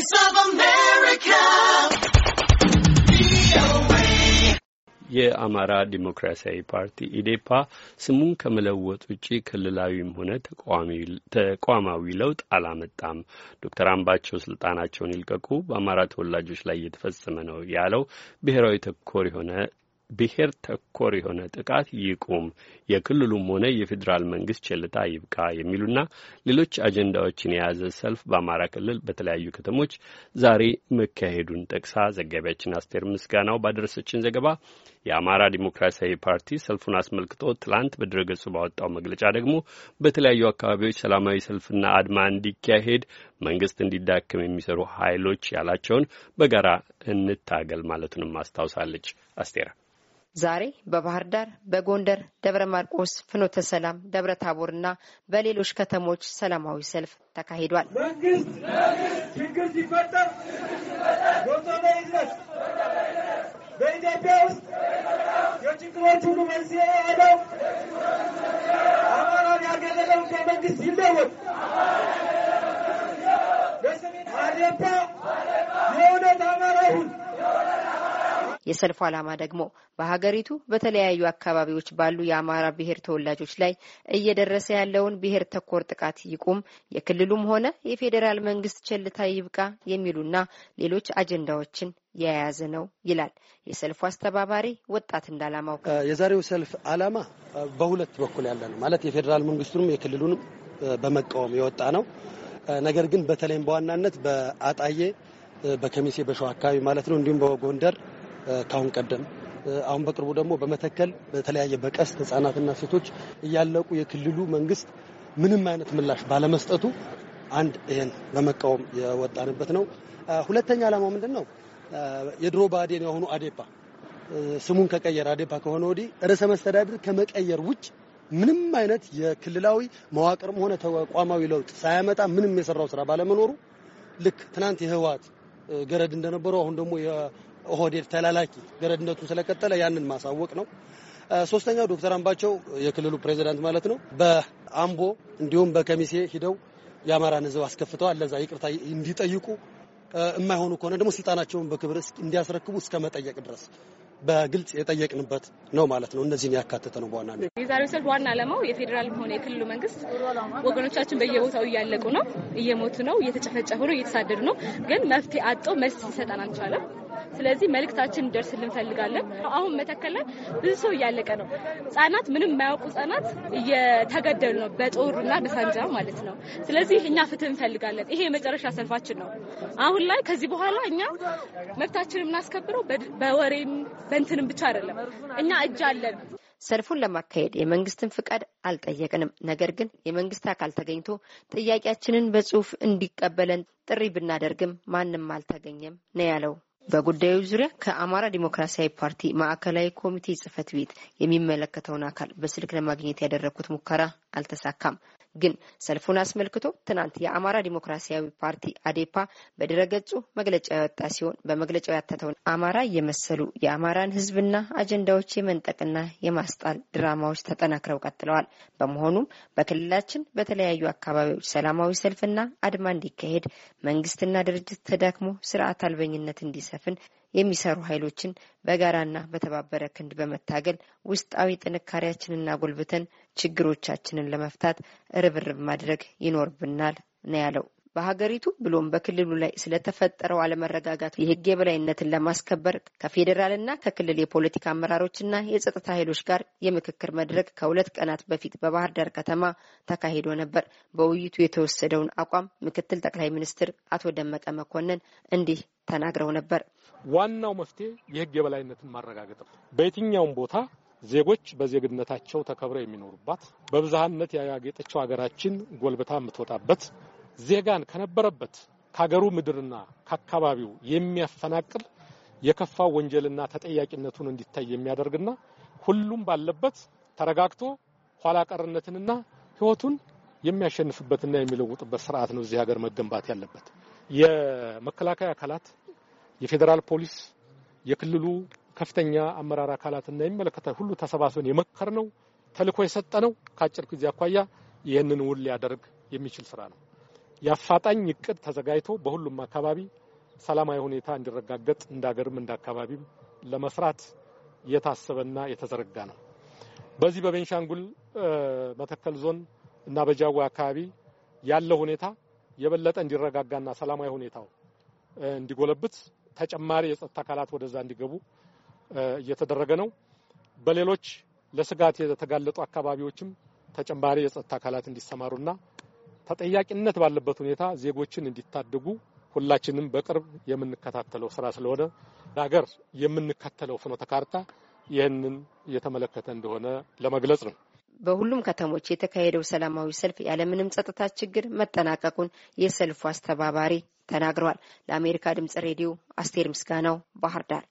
Voice of America. የአማራ ዲሞክራሲያዊ ፓርቲ ኢዴፓ ስሙን ከመለወጥ ውጪ ክልላዊም ሆነ ተቋማዊ ለውጥ አላመጣም፣ ዶክተር አምባቸው ስልጣናቸውን ይልቀቁ፣ በአማራ ተወላጆች ላይ እየተፈጸመ ነው ያለው ብሔራዊ ተኮር የሆነ ብሔር ተኮር የሆነ ጥቃት ይቁም፣ የክልሉም ሆነ የፌዴራል መንግስት ቸልታ ይብቃ የሚሉና ሌሎች አጀንዳዎችን የያዘ ሰልፍ በአማራ ክልል በተለያዩ ከተሞች ዛሬ መካሄዱን ጠቅሳ ዘጋቢያችን አስቴር ምስጋናው ባደረሰችን ዘገባ የአማራ ዲሞክራሲያዊ ፓርቲ ሰልፉን አስመልክቶ ትላንት በድረገጹ ባወጣው መግለጫ ደግሞ በተለያዩ አካባቢዎች ሰላማዊ ሰልፍና አድማ እንዲካሄድ መንግስት እንዲዳክም የሚሰሩ ኃይሎች ያላቸውን በጋራ እንታገል ማለቱንም አስታውሳለች። አስቴር ዛሬ በባህር ዳር፣ በጎንደር፣ ደብረ ማርቆስ፣ ፍኖተ ሰላም፣ ደብረ ታቦር እና በሌሎች ከተሞች ሰላማዊ ሰልፍ ተካሂዷል። ችግር ሲፈጠር በኢትዮጵያ ውስጥ የችግሮች ሁሉ መንስኤ አማራን ያገለለው ከመንግስት ይለወጥ። በሰሜን የሰልፉ ዓላማ ደግሞ በሀገሪቱ በተለያዩ አካባቢዎች ባሉ የአማራ ብሔር ተወላጆች ላይ እየደረሰ ያለውን ብሔር ተኮር ጥቃት ይቁም፣ የክልሉም ሆነ የፌዴራል መንግስት ቸልታ ይብቃ የሚሉና ሌሎች አጀንዳዎችን የያዘ ነው ይላል የሰልፉ አስተባባሪ ወጣት እንዳላማው። የዛሬው ሰልፍ ዓላማ በሁለት በኩል ያለ ነው ማለት የፌዴራል መንግስቱንም የክልሉንም በመቃወም የወጣ ነው። ነገር ግን በተለይም በዋናነት በአጣዬ በከሚሴ በሸዋ አካባቢ ማለት ነው እንዲሁም በጎንደር ካሁን ቀደም አሁን በቅርቡ ደግሞ በመተከል በተለያየ በቀስት ህጻናትና ሴቶች እያለቁ የክልሉ መንግስት ምንም አይነት ምላሽ ባለመስጠቱ አንድ ይህን በመቃወም የወጣንበት ነው። ሁለተኛ ዓላማው ምንድን ነው? የድሮ ብአዴን የሆኑ አዴፓ ስሙን ከቀየር አዴፓ ከሆነ ወዲህ ርዕሰ መስተዳድር ከመቀየር ውጭ ምንም አይነት የክልላዊ መዋቅርም ሆነ ተቋማዊ ለውጥ ሳያመጣ ምንም የሰራው ስራ ባለመኖሩ ልክ ትናንት የህወሓት ገረድ እንደነበረው አሁን ደግሞ ኦህዴድ ተላላኪ ገረድነቱን ስለቀጠለ ያንን ማሳወቅ ነው። ሶስተኛው ዶክተር አምባቸው የክልሉ ፕሬዚዳንት ማለት ነው፣ በአምቦ እንዲሁም በከሚሴ ሂደው የአማራን ህዝብ አስከፍተዋል። ለዛ ይቅርታ እንዲጠይቁ የማይሆኑ ከሆነ ደግሞ ስልጣናቸውን በክብር እንዲያስረክቡ እስከ መጠየቅ ድረስ በግልጽ የጠየቅንበት ነው ማለት ነው። እነዚህን ያካተተ ነው። በዋናነት የዛሬው ሰልፍ ዋና ዓላማው የፌዴራልም ሆነ የክልሉ መንግስት ወገኖቻችን በየቦታው እያለቁ ነው፣ እየሞቱ ነው፣ እየተጨፈጨፉ ነው፣ እየተሳደዱ ነው። ግን መፍትሄ አጥቶ መልስ ይሰጠን አልቻለም። ስለዚህ መልእክታችን እንዲደርስልን እንፈልጋለን። አሁን መተከል ላይ ብዙ ሰው እያለቀ ነው። ህጻናት፣ ምንም የማያውቁ ህጻናት እየተገደሉ ነው በጦርና በሳንጃ ማለት ነው። ስለዚህ እኛ ፍትህ እንፈልጋለን። ይሄ የመጨረሻ ሰልፋችን ነው። አሁን ላይ ከዚህ በኋላ እኛ መብታችን የምናስከብረው በወሬም በእንትንም ብቻ አይደለም። እኛ እጅ አለን። ሰልፉን ለማካሄድ የመንግስትን ፍቃድ አልጠየቅንም። ነገር ግን የመንግስት አካል ተገኝቶ ጥያቄያችንን በጽሁፍ እንዲቀበለን ጥሪ ብናደርግም ማንም አልተገኘም ነው ያለው። በጉዳዩ ዙሪያ ከአማራ ዲሞክራሲያዊ ፓርቲ ማዕከላዊ ኮሚቴ ጽህፈት ቤት የሚመለከተውን አካል በስልክ ለማግኘት ያደረግኩት ሙከራ አልተሳካም። ግን ሰልፉን አስመልክቶ ትናንት የአማራ ዲሞክራሲያዊ ፓርቲ አዴፓ በድረገጹ መግለጫ ያወጣ ሲሆን በመግለጫው ያተተውን አማራ የመሰሉ የአማራን ሕዝብና አጀንዳዎች የመንጠቅና የማስጣል ድራማዎች ተጠናክረው ቀጥለዋል። በመሆኑም በክልላችን በተለያዩ አካባቢዎች ሰላማዊ ሰልፍና አድማ እንዲካሄድ መንግስትና ድርጅት ተዳክሞ ስርዓት አልበኝነት እንዲሰፍን የሚሰሩ ኃይሎችን በጋራና በተባበረ ክንድ በመታገል ውስጣዊ ጥንካሬያችንና ጎልብተን ችግሮቻችንን ለመፍታት ርብርብ ማድረግ ይኖርብናል ነው ያለው። በሀገሪቱ ብሎም በክልሉ ላይ ስለተፈጠረው አለመረጋጋት የህግ የበላይነትን ለማስከበር ከፌዴራልና ከክልል የፖለቲካ አመራሮችና የጸጥታ ኃይሎች ጋር የምክክር መድረክ ከሁለት ቀናት በፊት በባህር ዳር ከተማ ተካሂዶ ነበር። በውይይቱ የተወሰደውን አቋም ምክትል ጠቅላይ ሚኒስትር አቶ ደመቀ መኮንን እንዲህ ተናግረው ነበር። ዋናው መፍትሄ የህግ የበላይነትን ማረጋገጥ ነው። በየትኛውም ቦታ ዜጎች በዜግነታቸው ተከብረው የሚኖሩባት በብዝሃነት ያጌጠችው ሀገራችን ጎልብታ የምትወጣበት ዜጋን ከነበረበት ከሀገሩ ምድርና ከአካባቢው የሚያፈናቅል የከፋው ወንጀልና ተጠያቂነቱን እንዲታይ የሚያደርግና ሁሉም ባለበት ተረጋግቶ ኋላ ቀርነትንና ህይወቱን የሚያሸንፍበትና የሚለውጥበት ስርዓት ነው እዚህ ሀገር መገንባት ያለበት። የመከላከያ አካላት፣ የፌዴራል ፖሊስ፣ የክልሉ ከፍተኛ አመራር አካላትና የሚመለከታ ሁሉ ተሰባስበን የመከር ነው ተልእኮ የሰጠ ነው። ከአጭር ጊዜ አኳያ ይህንን ውል ሊያደርግ የሚችል ስራ ነው። የአፋጣኝ እቅድ ተዘጋጅቶ በሁሉም አካባቢ ሰላማዊ ሁኔታ እንዲረጋገጥ እንዳገርም እንዳካባቢም ለመስራት የታሰበና የተዘረጋ ነው። በዚህ በቤንሻንጉል መተከል ዞን እና በጃዌ አካባቢ ያለው ሁኔታ የበለጠ እንዲረጋጋና ሰላማዊ ሁኔታው እንዲጎለብት ተጨማሪ የጸጥታ አካላት ወደዛ እንዲገቡ እየተደረገ ነው። በሌሎች ለስጋት የተጋለጡ አካባቢዎችም ተጨማሪ የጸጥታ አካላት እንዲሰማሩና ተጠያቂነት ባለበት ሁኔታ ዜጎችን እንዲታደጉ ሁላችንም በቅርብ የምንከታተለው ስራ ስለሆነ ለሀገር የምንከተለው ፍኖተ ካርታ ይህንን የተመለከተ እንደሆነ ለመግለጽ ነው። በሁሉም ከተሞች የተካሄደው ሰላማዊ ሰልፍ ያለምንም ጸጥታ ችግር መጠናቀቁን የሰልፉ አስተባባሪ ተናግረዋል። ለአሜሪካ ድምጽ ሬዲዮ አስቴር ምስጋናው ባህር ዳር